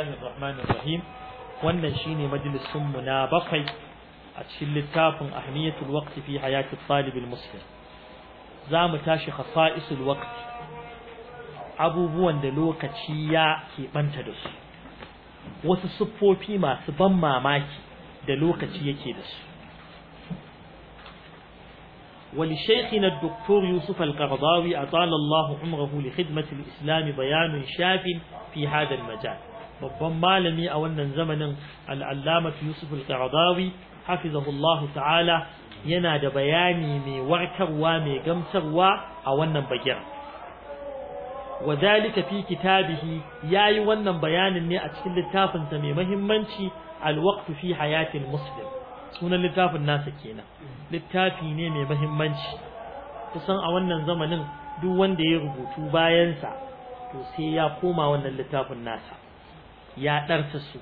الله wannan shine majalisun mu na bakwai a cikin littafin ahmiyatul waqti fi hayati talib muslim zamu tashi khasa'isul waqti abubuwan da lokaci ya banta da su wasu siffofi masu ban mamaki da lokaci yake da su ولشيخنا الدكتور يوسف القرضاوي أطال الله عمره لخدمة islami bayanin shafin في هذا majal. babban malami a wannan zamanin al'allama yusuf al-qaradawi hafizahullahu ta'ala yana da bayani mai warkarwa mai gamsarwa a wannan bagir wadalika fi kitabihi yayi wannan bayanin ne a cikin littafinsa mai muhimmanci al-waqt fi muslim sunan littafin nasa kenan littafi ne mai muhimmanci kusan a wannan zamanin duk wanda ya rubutu bayansa to sai ya koma wannan littafin nasa ya ɗarsa su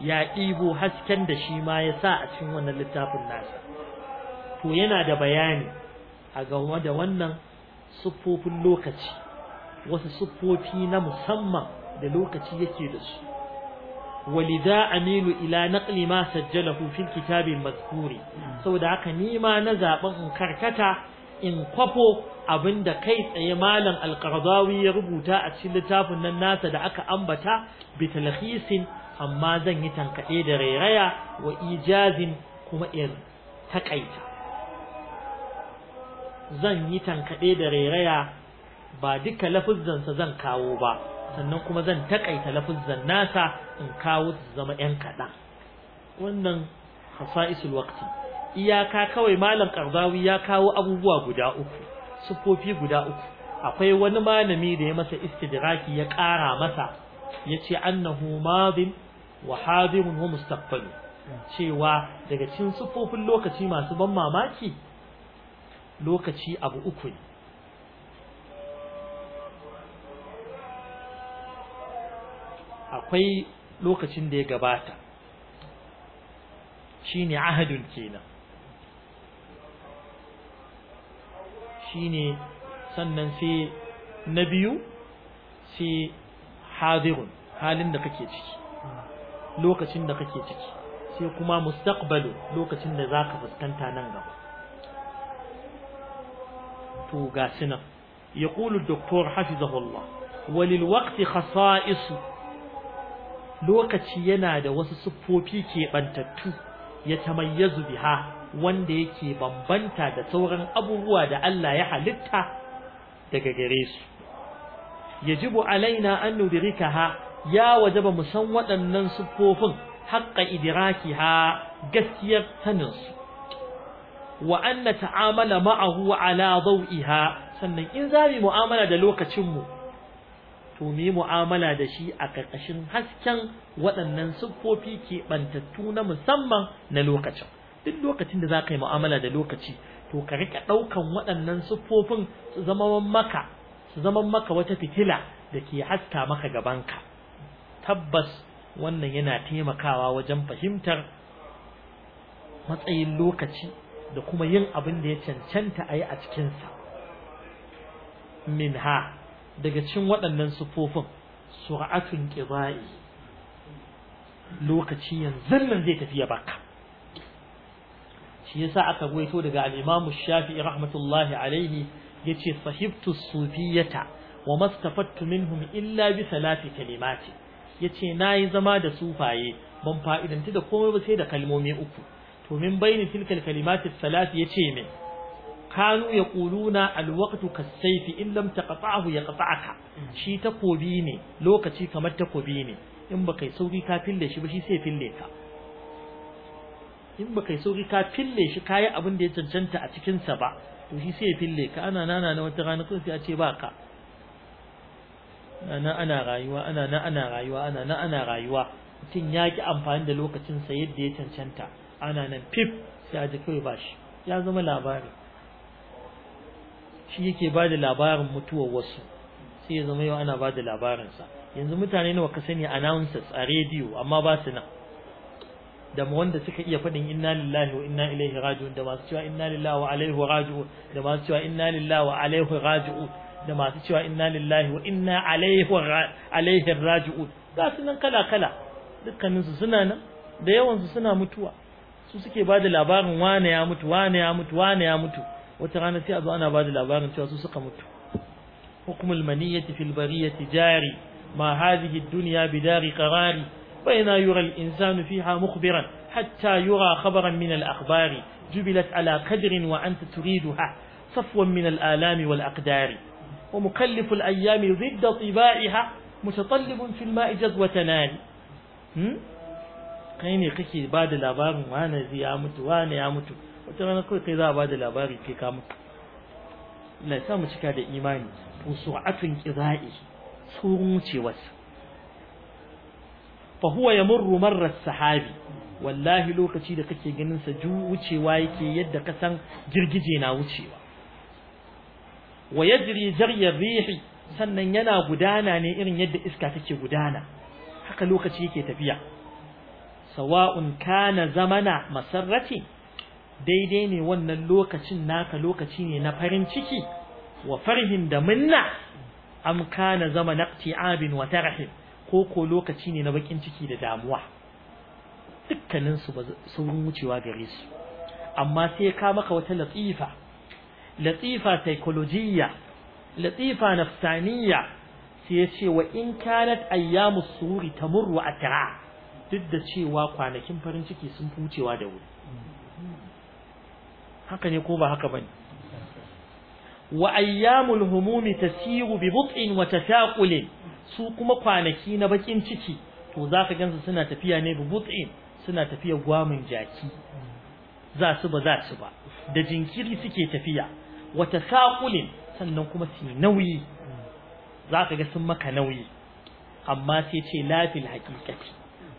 ya ɗibo hasken da shi ma ya sa a cikin wannan littafin nasa to yana da bayani a game da wannan siffofin lokaci wasu siffofi na musamman da lokaci yake da su walida aminu ila na ma sajjalahu Kitabin kitabil Sau saboda haka ni ma na zaɓen karkata in kwafo abin da kai tsaye malam alƙardawi ya rubuta a cikin littafin nan nasa da aka ambata bi talhisin amma zan yi tankaɗe da rairaya wa ijazin kuma in takaita. zan yi tankaɗe da rairaya ba duka lafuzansa zan kawo ba sannan kuma zan takaita lafuzzan nasa in kawo zama ‘yan kaɗan wannan hasa'isul waqti iyaka kawai malam karzawi ya kawo abubuwa guda uku sufofi guda uku akwai wani malami da ya masa istidraki ya ƙara masa yace annahu madin wa hadirun wa mustaqbal cewa daga cikin sufofin lokaci masu ban mamaki lokaci abu uku ne akwai lokacin da ya gabata shine ahadun kenan shine sannan sai na biyu sai hadirun halin da kake ciki lokacin da kake ciki sai kuma mustaqbalu lokacin da zaka fuskanta nan gaba to ga sunan يقول الدكتور حفظه الله lokaci yana da wasu siffofi keɓantattu ya tamayyazu biha wanda yake bambanta da sauran abubuwa da Allah ya halitta daga gare su yajibu alaina an nudrikaha ya wajaba mu san waɗannan siffofin haqqa idrakiha gaskiyar sanin su wa an ta'amala ma'ahu ala dawiha sannan in za mu mu'amala da lokacin mu to mu mu'amala da shi a ƙarƙashin hasken waɗannan siffofi ke bantattu na musamman na lokacin duk lokacin da za ka yi mu'amala da lokaci to ka rika ɗaukan waɗannan siffofin su zama maka su zama maka wata fitila da ke haska maka gabanka tabbas wannan yana taimakawa wajen fahimtar matsayin lokaci da kuma yin abin da ya cancanta a yi a cikinsa Min ha, daga cin waɗannan siffofin sura'atun ƙiba'i lokaci yanzu nan zai tafi ya baka shi yasa aka gwaito daga al-Imam Shafi'i rahmatullahi alaihi yace sahibtu sufiyata wa mastafattu minhum illa bi salati kalimati yace nayi zama da sufaye ban fa'idanta da komai ba sai da kalmomi uku to min baini tilkal kalimati salati yace min kanu yaquluna alwaqtu kasayfi in lam taqta'ahu yaqta'aka shi takobi ne lokaci kamar takobi ne in baka yi sauri ka fille shi ba shi sai fille ka in ba kai sauri ka fille shi kayi abin da ya cancanta a cikinsa ba to shi sai ya fille ka ana nana na wata rana kuma sai a ce ba ka ana ana rayuwa ana na ana rayuwa ana na ana rayuwa mutum ya ki amfani da lokacinsa yadda ya cancanta ana nan fif sai a ji kawai ba shi ya zama labari shi yake ba da labarin mutuwar wasu sai ya zama yau ana ba da labarinsa yanzu mutane nawa ka sani announcers a rediyo amma ba su nan da wanda suka iya faɗin inna lillahi wa inna ilaihi raji'un da masu cewa inna lillahi wa alaihi raji'un da masu cewa inna lillahi wa alaihi raji'un da masu cewa inna lillahi wa inna alaihi alaihi raji'un ga su nan kala kala dukkanin su suna nan da yawan su suna mutuwa su suke bada labarin wane ya mutu wane ya mutu wane ya mutu wata rana sai a zo ana bada labarin cewa su suka mutu hukmul maniyyati fil bariyati jari ma hadhihi ad-dunya bidari qarari بين يرى الإنسان فيها مخبرا حتى يرى خبرا من الأخبار جبلت على قدر وأنت تريدها صفوا من الآلام والأقدار ومكلف الأيام ضد طباعها متطلب في الماء جذوة نال قيني قيكي بعد الأبار وانا زي عمت وانا عمت وترانا قوي قيدا بعد الأبار كي كامت لا سامتك هذا إيمان وسرعة إضائي سرعة إضائي fa huwa yamurru marra sahabi wallahi lokaci da kake ganin sa wucewa yake yadda ka san girgije na wucewa wa jarya rihi sannan yana gudana ne irin yadda iska take gudana haka lokaci yake tafiya sawa'un kana zamana masarrati daidai ne wannan lokacin naka lokaci ne na farin ciki wa farhin da minna am kana zamana iqti'abin wa tarhin ko ko lokaci ne na bakin ciki da damuwa dukkanin su saurin wucewa gare su amma sai ka maka wata latifa latifa psychologiya latifa nafsaniya sai ya ce wa in kanat ayyamu suri tamurru atira duk da cewa kwanakin farin ciki sun fi wucewa da wuri haka ne ko ba haka bane wa ayyamul humumi tasiru bi but'in wa tasaqulin su kuma kwanaki na bakin ciki to za ka gansu suna tafiya ne bi but'in suna tafiya gwamin jaki za su ba za su ba da jinkiri suke tafiya wata saƙulin sannan kuma su nauyi za ka ga sun maka nauyi amma sai ce lafil haƙiƙati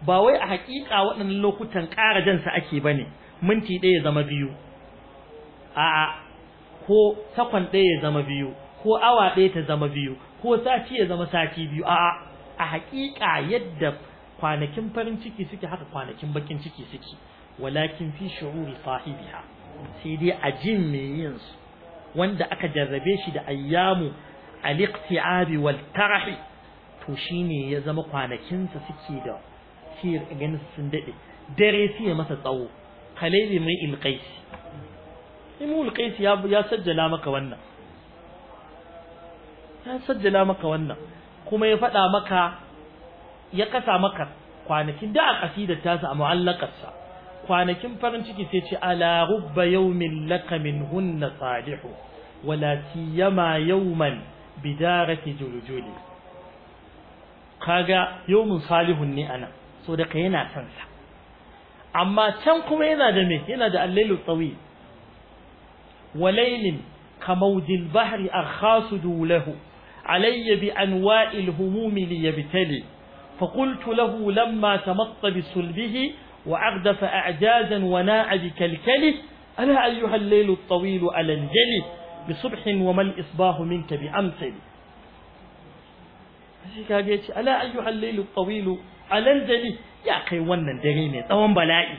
ba wai a haƙiƙa waɗannan lokutan ƙara jansa ake ba ne minti ɗaya zama biyu A'a. ko sakon ɗaya zama biyu ko awa ɗaya ta zama biyu ko sati ya zama sati biyu a'a a haƙiƙa yadda kwanakin farin ciki suke haka kwanakin bakin ciki suke walakin fi shu'uri sahibiha sai dai a jin me su wanda aka jarrabe shi da ayyamu al-iqti'abi wal tarahi to shine ya zama kwanakin sa suke da sir ganin sun dade dare sai ya masa tsawo khalil mai ilqais imul qais ya ya sajjala maka wannan ya sajjala maka wannan kuma ya faɗa maka ya kasa maka kwanakin da a kasidar tasa a mu'allakarsa kwanakin farin ciki sai ce ala rubba yawmin laka min hunna salihu wala siyama yawman bidarati julujuli kaga yawmin salihun ne ana so da ka yana san sa amma can kuma yana da me yana da allailu tsawi walailin kamaudil bahri akhasu dulahu علي بأنواء الهموم ليبتلي فقلت له لما تمط بصلبه وأغدف أعجازا وناع بكلكله ألا أيها الليل الطويل ألا انجلي بصبح وما الإصباح منك بأمثل ألا أيها الليل الطويل ألا انجلي يا أخي ونن دريني طوان بلائي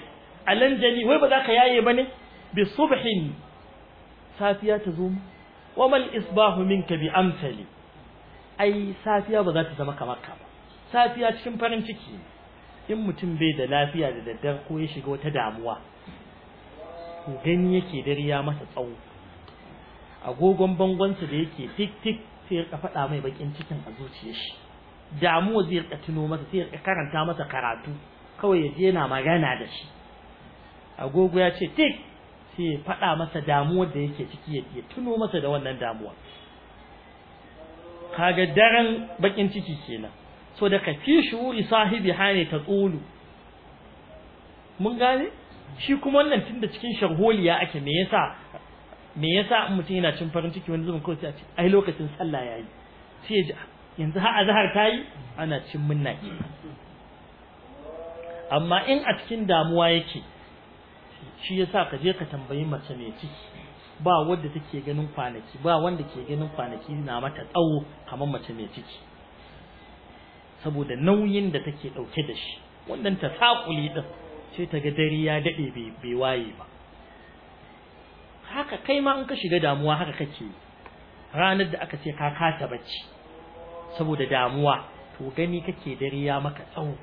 ألا انجلي ويبدأ يا بني بصبح سافيات زوم وما الإصباح منك بأمثل ai safiya ba za ta zama kamar ka ba safiya cikin farin ciki in mutum bai da lafiya da daddare ko ya shiga wata damuwa to gani yake dare ya masa tsawo agogon bangonsa da yake tik tik sai ya faɗa mai bakin cikin a zuciyar shi damuwa zai rika tuno masa sai ya karanta masa karatu kawai ya je na magana da shi agogo ya ce tik sai ya faɗa masa damuwar da yake ciki ya tuno masa da wannan damuwa kaga daren bakin ciki kenan so da kafi shu'uri sahibi hane ta tsulu mun gane shi kuma wannan tun cikin sharholiya ake me yasa me yasa mutum yana cin farin ciki wani zuban kawai sai a ce ai lokacin sallah yayi sai ya yanzu har azhar tayi ana cin munna amma in a cikin damuwa yake shi yasa ka je ka tambayi mace mai ciki ba wanda take ganin kwanaki ba wanda ke ganin kwanaki na mata tsawo kamar mace mai ciki saboda nauyin da take dauke da shi wannan ta sakuli din sai ta ga dare ya dade bai waye ba haka kai ma in ka shiga damuwa haka kake ranar da aka ce ka kasa bacci saboda damuwa to gani kake dare ya maka tsawo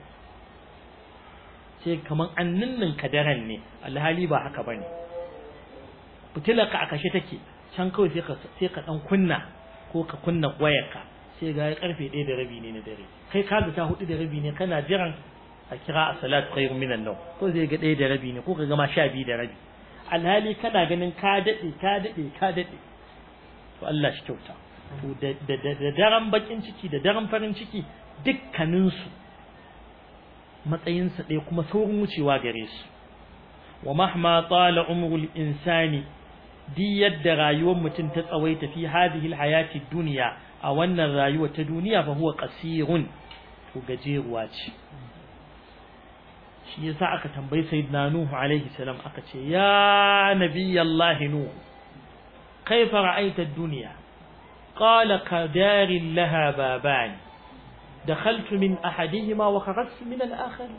sai kaman an kadaran daren ne alhali ba haka bane fitilar ka a kashe take can kawai sai ka ka dan kunna ko ka kunna wayarka sai ga ya karfe da rabi ne na dare kai ka ga ta 4 da rabi ne kana jiran a kira a salat khairun minan nau, ko zai ga ɗaya da rabi ne ko ka gama sha biyu da rabi alhali kana ganin ka daɗe, ka daɗe, ka daɗe. to Allah shi kyauta to da daren bakin ciki da daren farin ciki dukkaninsu matsayinsa ɗaya kuma saurin wucewa gare su wa mahma tala umrul insani di yadda rayuwar mutum ta tsawaita fi hadhihi alhayati dunya a wannan rayuwa ta duniya fa huwa qasirun to gajeruwa ce shi yasa aka tambayi sayyidina nuhu alaihi salam aka ce ya nabiyallahi nuhu kaifa ra'aita ad-dunya qala qadarin laha babani dakhaltu min ahadihima wa kharajtu min al-akhar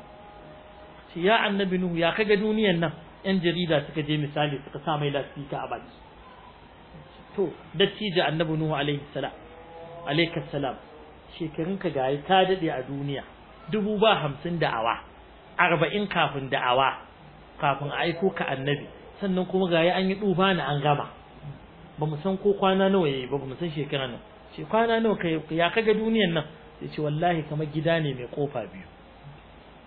ya annabi nuhu ya kaga duniyar nan yan jarida suka je misali suka sa mai lasfika a baki to dattijo annabi nuhu alaihi salam alayka salam shekarun ka gayi ta dade a duniya dubu ba hamsin da awa arba'in kafin da awa kafin a aiko ka annabi sannan kuma gayi an yi duba na an gama ba mu san ko kwana nawa yayi ba ba mu san shekara nan ce kwana nawa kai ya kaga duniyar nan sai ce wallahi kamar gida ne mai kofa biyu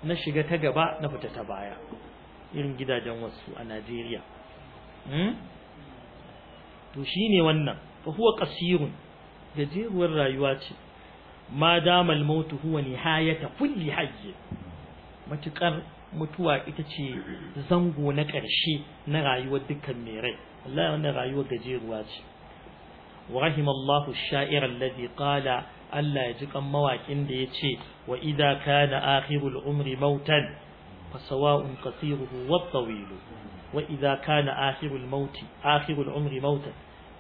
na shiga ta gaba na fita ta baya irin gidajen wasu a Najeriya hmm? to shi ne wannan fa huwa gajeruwar rayuwa ce ma damal mautu huwa nihayata kulli hajji. matukar mutuwa ita ce zango na ƙarshe na rayuwar dukkan mai rai wannan rayuwar gajeruwa ce wa rahimallahu ash-sha'ir alladhi qala Allah ya ji mawaƙin da ya ce, wa idza kana akhirul umri mautan فسواء قصيره والطويل وإذا كان آخر الموت آخر العمر موتا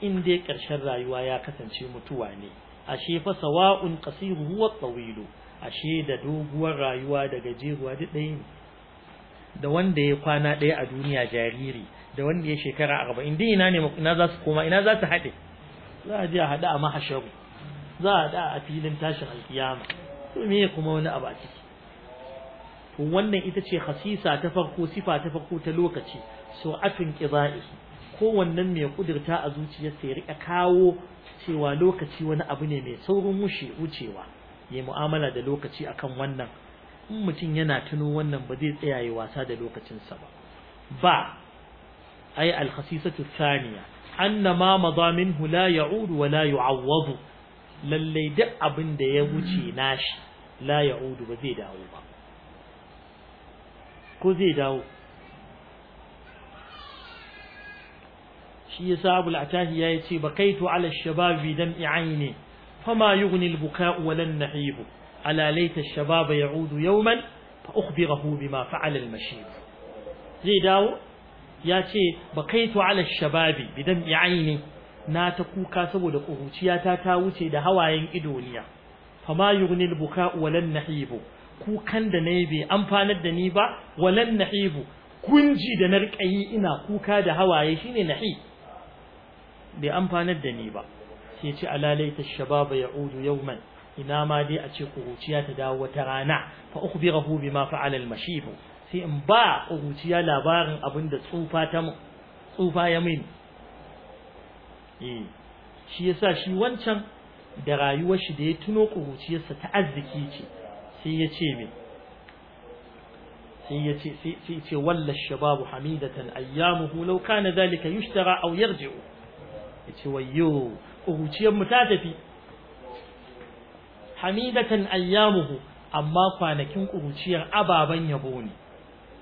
إن دي كرشن رايوا يا كسنشي متواني أشي فسواء قصيره والطويل أشي دا دوغوا رايوا دا جيروا دين da wanda ya kwana ɗaya a duniya jariri da wanda ya shekara arba'in dai ina ne ina za su koma ina za su haɗe za a je a haɗu a mahasharu za a haɗu a filin tashin alkiyama to kuma wani abu a ciki wannan ita ce khasisa ta farko sifa ta farko ta lokaci su'atun qida'i kowannen mai kudirta a zuciyarsa ya rika kawo cewa lokaci wani abu ne mai saurin wuce wucewa ya mu'amala da lokaci akan wannan in mutum yana tuno wannan ba zai tsaya ya wasa da lokacinsa ba ba ai al-khasisatu thaniya anna ma madha minhu la ya'ud wa la yu'awwad lalle duk abin da ya wuce nashi la ya'ud ba zai dawo ba ko zai dawo shi sa Abu al ya ya ce bakaitu ala shabab bi dam'i ayni fama yughni ta bukau wa lan nahibu ala laita ash-shabab ya'udu yawman fa ukhbirahu bima fa'ala al zai dawo ya ce bakaitu ala shabab bi dam'i ne na ta kuka saboda kuruciyata ta wuce da hawayen idoniya fama yughni al-buka'u wa na nahibu kukan da na yi bai amfanar da ni ba walan nahibu kunji da na riƙa yi ina kuka da hawaye shine hi. bai amfanar da ni ba sai ce alalaita shababa yau man. ina ma dai a ce ƙuruciya ta dawo wata rana fa ma bima fa'ala al-mashibu sai in ba ƙuruciya labarin abin da tsufa ta tsufa ya mini eh, shi yasa shi wancan da rayuwar shi da ya tuno ƙuruciyarsa ta arziki ce sai ya ce me sai ya ce sai ce walla shababu hamidatan ayyamuhu law kana zalika yushtara aw yarji'u yace wayyo kuhuciyar mu ta tafi hamidatan ayyamuhu amma kwanakin kuhuciyar ababen yabo ne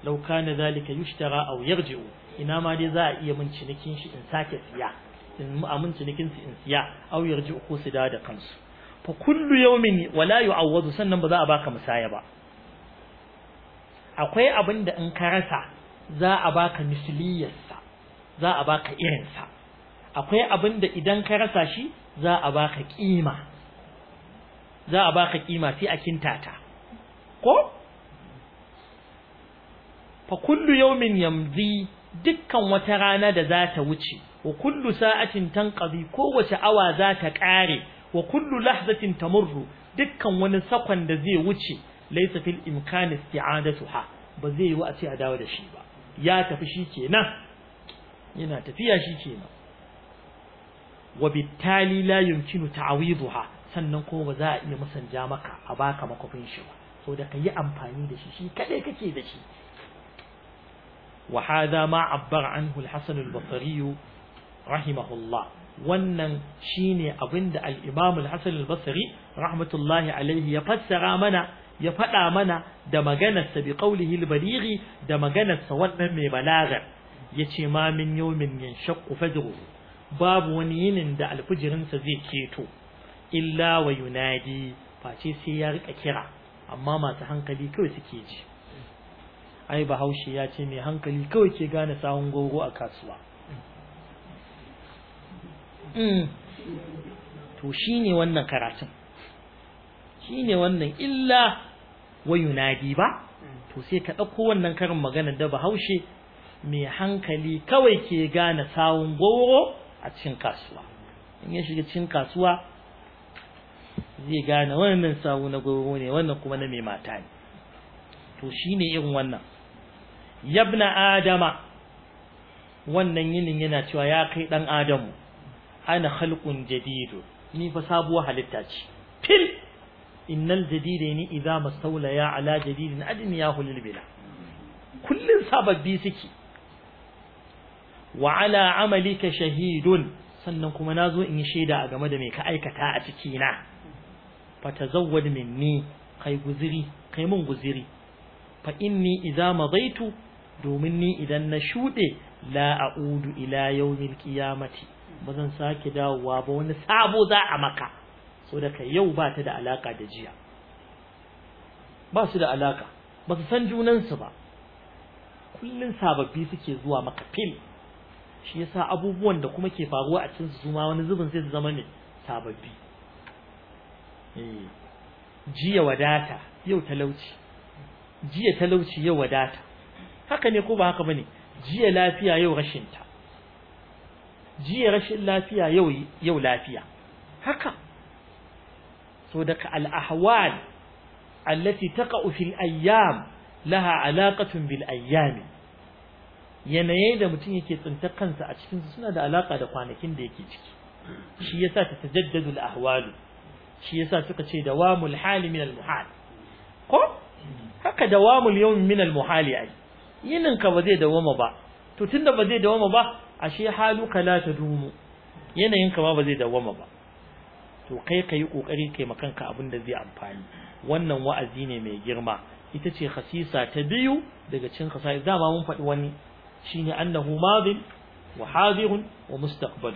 law kana zalika yushtara aw yarji'u ina ma dai za a iya min cinikin shi in sake siya in amincinikin su in siya auyar yarji'u ko su da kansu fa kullu yawmin wala yu'awwadu sannan ba za a baka musaya ba akwai abin da in ka rasa za a baka misliyarsa za a baka irinsa akwai abin da idan ka rasa shi za a baka kima za a baka kima sai a kintata ko fa kullu yawmin yamzi dukkan wata rana da za ta wuce wa kullu sa'atin tanqadi kowace awa za ta kare wa kullu lahzatin tamurru dukkan wani sakon da zai wuce laysa fil imkani isti'adatuha ba zai yi wa a ce a dawo da shi ba ya tafi shi kenan yana tafiya shi kenan wa bittali la yumkinu ta'widuha sannan ko ba za a iya musanja maka a baka makofin shi ba so da ka yi amfani da shi shi kadai kake da shi wa hadha ma abbara anhu al-hasan al-basri rahimahullah wannan shine abinda al-Imam al-Hasan al-Basri rahmatullahi alaihi ya fassara mana ya faɗa mana da maganar sa bi qawlihi al-balighi da maganar sa wannan mai balaga yace ma min yawmin yanshaqqu fajruhu babu wani yinin da alfijirin sa zai keto illa wa yunadi face sai ya rika kira amma masu hankali kawai suke ji ai bahaushe ya ce mai hankali kawai ke gane sawun gogo a kasuwa Mm. to shi ne wannan karatun Shi ne wannan illa wa yunadi ba to sai ka ɗauko wannan karin magana da bahaushe mai hankali kawai ke gane sawun goro a cikin kasuwa in ya shiga cikin kasuwa zai gane wannan sawu na goro ne wannan kuma na mai mata ne to shi ne irin wannan yabna adama wannan yinin yana cewa ya kai ɗan adamu ana khalqun jadidu ni fa sabuwa halitta ce fil innal jaridai ni idza mastawla ya ala jadidin adniyahu lil bila kullun sababbi suke wa ala amalika shahidun sannan kuma nazo in yi shaida a game da me ka aikata a ciki na fatazawwad minni kai guziri kai mun guziri fa inni idza madaitu domin ni idan na shude la a'udu ila yawmil qiyamati ba zan sake dawowa ba wani sabo za a maka saboda yau ba ta da alaka da jiya ba su da alaka ba su san junansu ba Kullum sababbi suke zuwa maka fil shi yasa abubuwan da kuma ke faruwa a cikin su ma wani zubin sai su zama ne sababbi eh. jiya wadata yau talauci jiya talauci yau wadata haka ne ko ba haka bane jiya lafiya yau rashin ta jiya rashin lafiya yau yau lafiya haka so daga al-ahwal allati taqa'u fil ayyam laha alaqatun bil ayyami yanayi da mutum yake tsinta kansa a cikin suna da alaka da kwanakin da yake ciki shi yasa ta tajaddadu al-ahwal shi yasa suka ce dawamul hali min al-muhal ko haka dawamul yawm min al-muhal ai yinin ka ba zai dawama ba to tunda ba zai dawama ba ashe haluka la tadumu yanayin kama ba zai dawwama ba to kai ka yi kokari kai makanka abin da zai amfani wannan wa'azi ne mai girma ita ce khasisa ta biyu daga cikin khasa'is dama mun faɗi wani shine annahu madin wa hadirun wa mustaqbal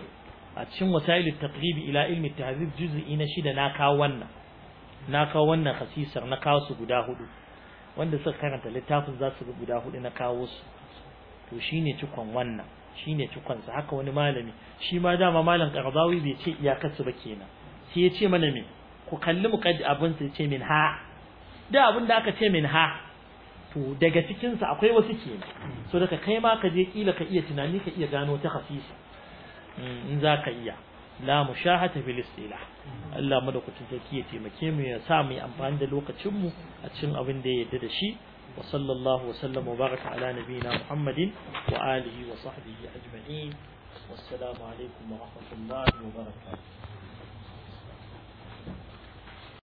a cikin wasailu taqrib ila ilmi tahzib juz'i na shida na kawo wannan na kawo wannan khasisar na kawo su guda hudu wanda suka karanta littafin za su guda hudu na kawo su to shine cikon wannan Shi shine cikonsa haka wani malami shi ma dama malam qardawi bai ce iyakarsu ba kenan sai ya ce mana me ku kalli muqaddi abin sai ce min ha da abin da aka ce min ha to daga cikin sa akwai wasu ke so daga kai ma ka je kila ka iya tunani ka iya gano ta hafisa mm, in za ka iya la mushahata fil istilah Allah madaukakin sarki ya taimake mu ya sa mu amfani da lokacin mu a cikin abin da ya yarda da shi وصلى الله وسلم وبارك على نبينا محمد وآله وصحبه أجمعين والسلام عليكم ورحمة الله وبركاته